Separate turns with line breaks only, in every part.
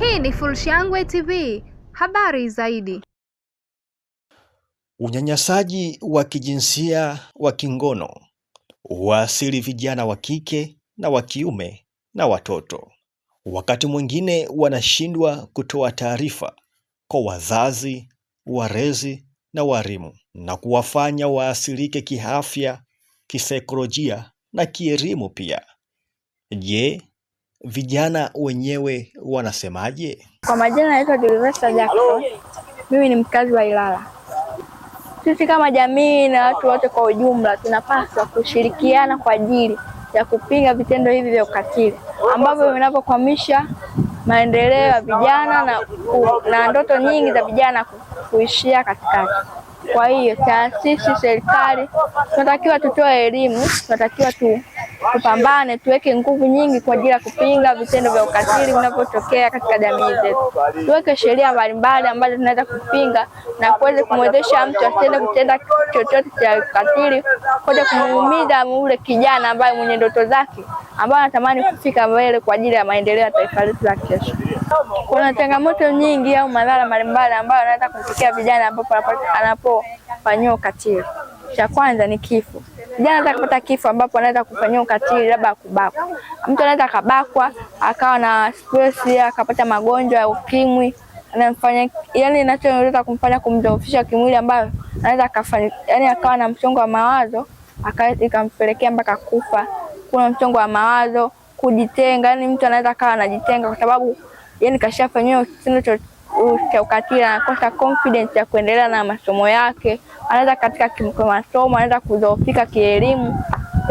Hii ni Fullshangwe TV, habari zaidi.
Unyanyasaji wa kijinsia wa kingono huwaasili vijana wa kike na wa kiume na watoto. Wakati mwingine wanashindwa kutoa taarifa kwa wazazi, warezi na walimu, na kuwafanya waasilike kiafya, kisaikolojia na kielimu pia. Je, Vijana wenyewe wanasemaje?
Kwa majina naitwa Dilivesta Jackson, mimi ni mkazi wa Ilala. Sisi kama jamii na watu wote kwa ujumla tunapaswa kushirikiana kwa ajili ya kupinga vitendo hivi vya ukatili ambavyo vinavyokwamisha maendeleo ya vijana na, na ndoto nyingi za vijana kuishia katikati. Kwa hiyo taasisi, serikali tunatakiwa tutoe elimu, tunatakiwa tu tupambane, tuweke nguvu nyingi kwa ajili ya kupinga vitendo vya ukatili vinavyotokea katika jamii zetu. Tuweke sheria mbalimbali ambazo tunaweza kupinga na kuweza kumwezesha mtu asiende kutenda chochote cha ukatili, kuja kumuumiza ule kijana ambaye mwenye ndoto zake, ambaye anatamani kufika mbele kwa ajili ya maendeleo ya taifa letu la kesho. Kuna changamoto nyingi au madhara mbalimbali ambayo anaweza kufikia vijana ambapo anapofanyiwa ukatili. Cha kwanza ni kifo. Kijana anaweza kupata kifo ambapo anaweza kufanyia ukatili, labda kubakwa. Mtu anaweza akabakwa akawa na stress, akapata magonjwa ya ukimwi anamfanya yani, inachoweza kumfanya kumdhoofisha kimwili, ambayo anaweza akafanya yani, akawa na msongo wa mawazo ikampelekea mpaka kufa. Kuna msongo wa mawazo, kujitenga, yani mtu anaweza akawa anajitenga kwa sababu yani kashafanyiwa kitendo chochote Ukatili anakosa confidence ya kuendelea na masomo yake, anaweza katika masomo, anaweza kudhoofika kielimu.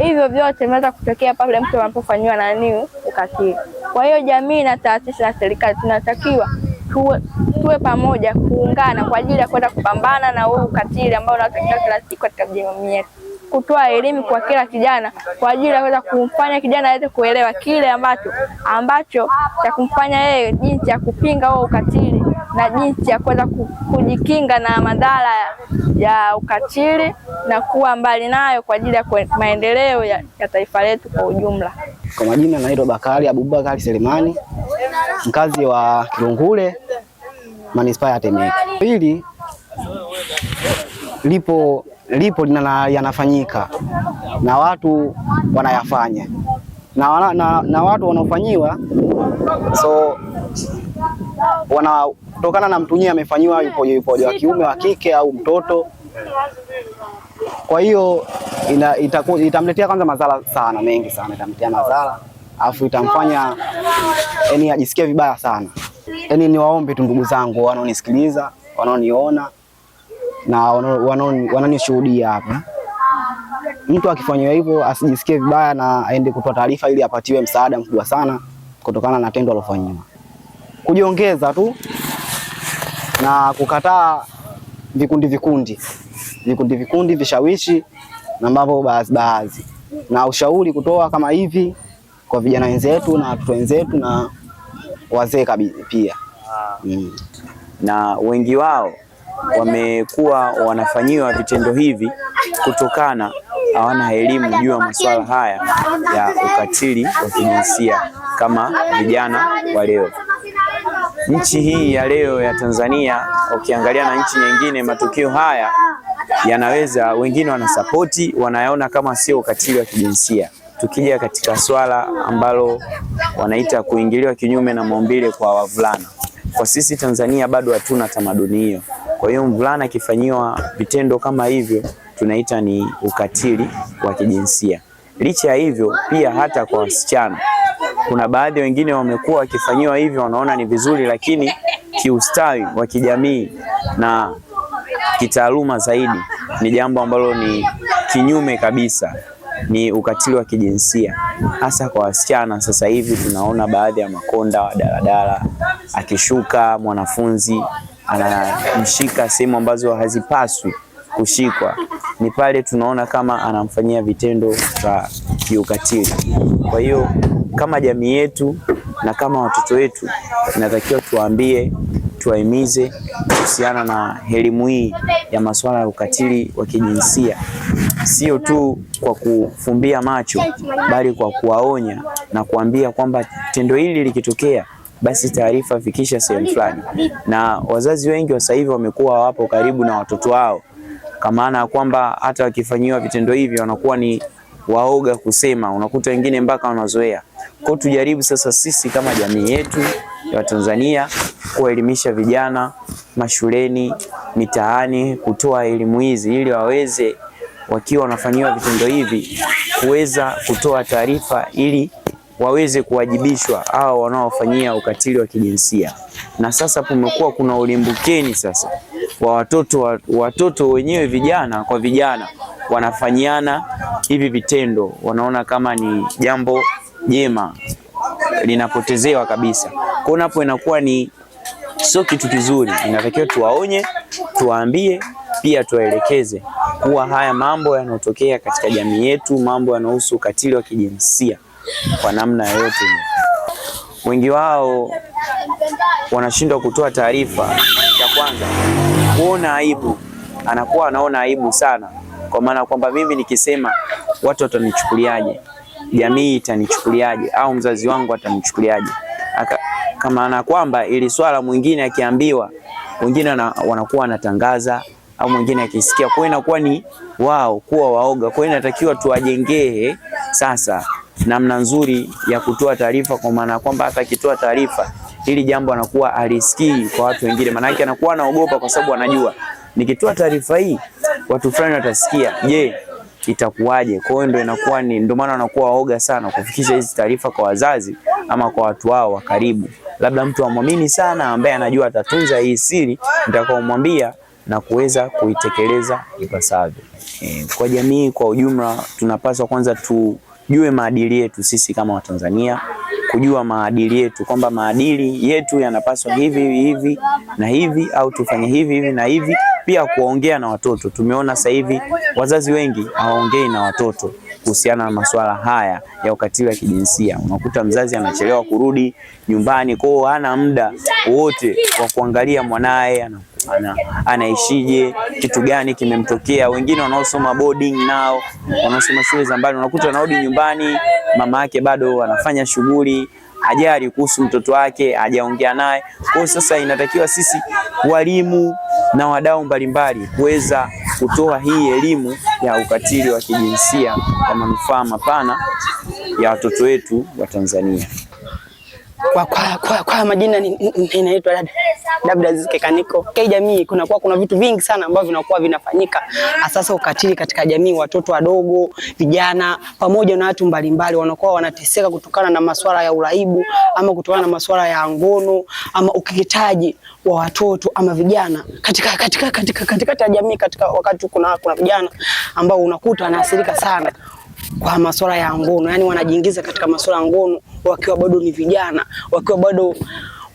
Hivyo vyote vinaweza kutokea pale mtu anapofanyiwa nani ukatili. Kwa hiyo jamii na taasisi na serikali tunatakiwa tuwe, tuwe pamoja kuungana kwa ajili ya kwenda kupambana na huu ukatili ambao unatokea kila siku katika jamii yetu, kutoa elimu kwa kila kijana kwa ajili ya kuweza kumfanya kijana aweze kuelewa kile ambacho ambacho cha kumfanya yeye jinsi ya kupinga huo ukatili na jinsi ya kuweza kujikinga na madhara ya ukatili na kuwa mbali nayo kwa ajili ya maendeleo ya, ya taifa letu kwa ujumla.
Kwa majina naitwa Bakari Abubakari Selemani, mkazi wa Kilungule, manispaa ya Temeke. Hili lipo lipo lina, yanafanyika na watu wanayafanya na, na, na watu wanaofanyiwa so wana kutokana na mtu nyie amefanyiwa yupoje yupoje, wa kiume wa kike au mtoto. Kwa hiyo itamletea kwanza madhara sana mengi sana, itamletea madhara alafu itamfanya yani ajisikie vibaya sana. Yani niwaombe tu ndugu zangu wanaonisikiliza, wanaoniona na wanaonishuhudia hapa, mtu akifanywa hivyo asijisikie vibaya na aende kutoa taarifa ili apatiwe msaada mkubwa sana kutokana na tendo alofanyiwa. Kujiongeza tu na kukataa vikundi vikundi vikundi vikundi vishawishi na mambo baadhi baadhi, na ushauri kutoa kama hivi kwa vijana wenzetu na watoto wenzetu na wazee kabisa pia ah. mm. Na wengi wao wamekuwa wanafanyiwa vitendo hivi kutokana hawana elimu juu ya masuala haya ya ukatili wa kijinsia kama vijana wa leo nchi hii ya leo ya Tanzania, ukiangalia na nchi nyingine, matukio haya yanaweza, wengine wanasapoti, wanayaona kama sio ukatili wa kijinsia. Tukija katika swala ambalo wanaita kuingiliwa kinyume na maumbile kwa wavulana, kwa sisi Tanzania bado hatuna tamaduni hiyo. Kwa hiyo mvulana akifanyiwa vitendo kama hivyo tunaita ni ukatili wa kijinsia. Licha ya hivyo, pia hata kwa wasichana kuna baadhi wengine wamekuwa wakifanyiwa hivyo, wanaona ni vizuri, lakini kiustawi wa kijamii na kitaaluma zaidi ni jambo ambalo ni kinyume kabisa, ni ukatili wa kijinsia hasa kwa wasichana. Sasa hivi tunaona baadhi ya makonda wa daladala akishuka mwanafunzi anamshika sehemu ambazo hazipaswi kushikwa, ni pale tunaona kama anamfanyia vitendo vya kiukatili. Kwa hiyo kama jamii yetu na kama watoto wetu, inatakiwa tuwaambie, tuwahimize kuhusiana na elimu hii ya masuala ya ukatili wa kijinsia, sio tu kwa kufumbia macho, bali kwa kuwaonya na kuambia kwamba tendo hili likitokea basi taarifa fikisha sehemu fulani. Na wazazi wengi wa sasa hivi wamekuwa wapo karibu na watoto wao, kwa maana ya kwamba hata wakifanyiwa vitendo hivi wanakuwa ni waoga kusema, unakuta wengine mpaka wanazoea. Kwa tujaribu sasa sisi kama jamii yetu ya Tanzania kuwaelimisha vijana mashuleni, mitaani, kutoa elimu hizi ili waweze wakiwa wanafanyiwa vitendo hivi kuweza kutoa taarifa ili waweze kuwajibishwa hao wanaofanyia ukatili wa kijinsia. Na sasa kumekuwa kuna ulimbukeni sasa wa watoto, watoto wenyewe vijana kwa vijana wanafanyiana hivi vitendo, wanaona kama ni jambo jema linapotezewa kabisa. Kwa napo inakuwa ni sio kitu kizuri, inatakiwa tuwaonye, tuwaambie pia tuwaelekeze kuwa haya mambo yanayotokea katika jamii yetu, mambo yanayohusu ukatili wa kijinsia kwa namna yoyote. Wengi wao wanashindwa kutoa taarifa. Ya kwanza kuona aibu, anakuwa anaona aibu sana, kwa maana kwamba mimi nikisema watu watanichukuliaje? jamii itanichukuliaje au mzazi wangu atanichukuliaje? Kama na kwamba ili swala mwingine akiambiwa, wengine wanakuwa wanatangaza au mwingine akisikia, kwa inakuwa ni wao kuwa waoga. Kwa inatakiwa tuwajengee sasa namna nzuri ya kutoa taarifa, kwa maana kwamba hata akitoa taarifa hili jambo anakuwa alisikii kwa watu wengine, yake anakuwa anaogopa, kwa sababu anajua nikitoa taarifa hii watu fulani watasikia. Je, itakuwaje. Kwa hiyo ndio inakuwa ni ndio maana wanakuwa waoga sana kufikisha hizi taarifa kwa wazazi ama kwa watu wao wa karibu, labda mtu amwamini sana ambaye anajua atatunza hii siri nitakaomwambia na kuweza kuitekeleza ipasavyo. E, kwa jamii kwa ujumla tunapaswa kwanza tujue maadili yetu sisi kama Watanzania, kujua maadili yetu kwamba maadili yetu yanapaswa hivi hivi na hivi, au tufanye hivi hivi na hivi pia kuongea na watoto. Tumeona sasa hivi wazazi wengi hawaongei na watoto kuhusiana na masuala haya ya ukatili wa kijinsia. Unakuta mzazi anachelewa kurudi nyumbani kwao, hana muda wowote wa kuangalia mwanaye ana, anaishije, kitu gani kimemtokea. Wengine wanaosoma boarding nao wanaosoma shule za mbali, unakuta wanarudi nyumbani, mama yake bado anafanya shughuli hajali kuhusu mtoto wake, hajaongea naye. Kwa hiyo sasa inatakiwa sisi walimu na wadau mbalimbali kuweza kutoa hii elimu ya ukatili wa kijinsia kwa manufaa mapana ya watoto wetu wa Tanzania.
Kwa, kwa, kwa, kwa majina ninaitwa ni labda zikekaniko kwa jamii. Kuna kwa kuna vitu vingi sana ambavyo vinakuwa vinafanyika, asasa ukatili katika jamii, watoto wadogo, vijana pamoja na watu mbalimbali wanakuwa wanateseka kutokana na masuala ya uraibu ama kutokana na masuala ya ngono ama ukeketaji wa watoto ama vijana katika katika katika katika katika jamii katika wakati kuna kuna vijana ambao unakuta wanaathirika sana kwa masuala ya ngono, yani wanajiingiza katika masuala ya ngono wakiwa bado ni vijana, wakiwa bado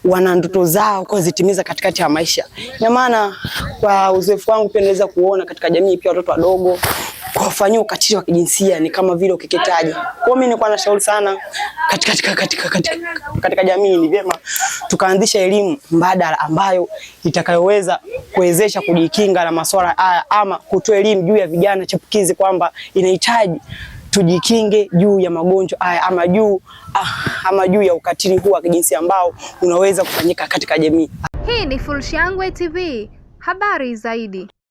wana ndoto zao kuzitimiza katikati ya maisha. Na maana kwa uzoefu wangu pia naweza kuona katika jamii pia watoto wadogo kuwafanyia ukatili wa kijinsia ni kama vile ukeketaji. Kwa hiyo mimi nilikuwa nashauri sana katika, katika, katika, katika, katika jamii ni vyema tukaanzisha elimu mbadala ambayo itakayoweza kuwezesha kujikinga na masuala haya ama kutoa elimu juu ya vijana chipukizi kwamba inahitaji tujikinge juu ya magonjwa haya ama juu ah, ama juu ya ukatili huu wa kijinsia ambao unaweza kufanyika katika jamii. Hii ni Fullshangwe TV, habari zaidi.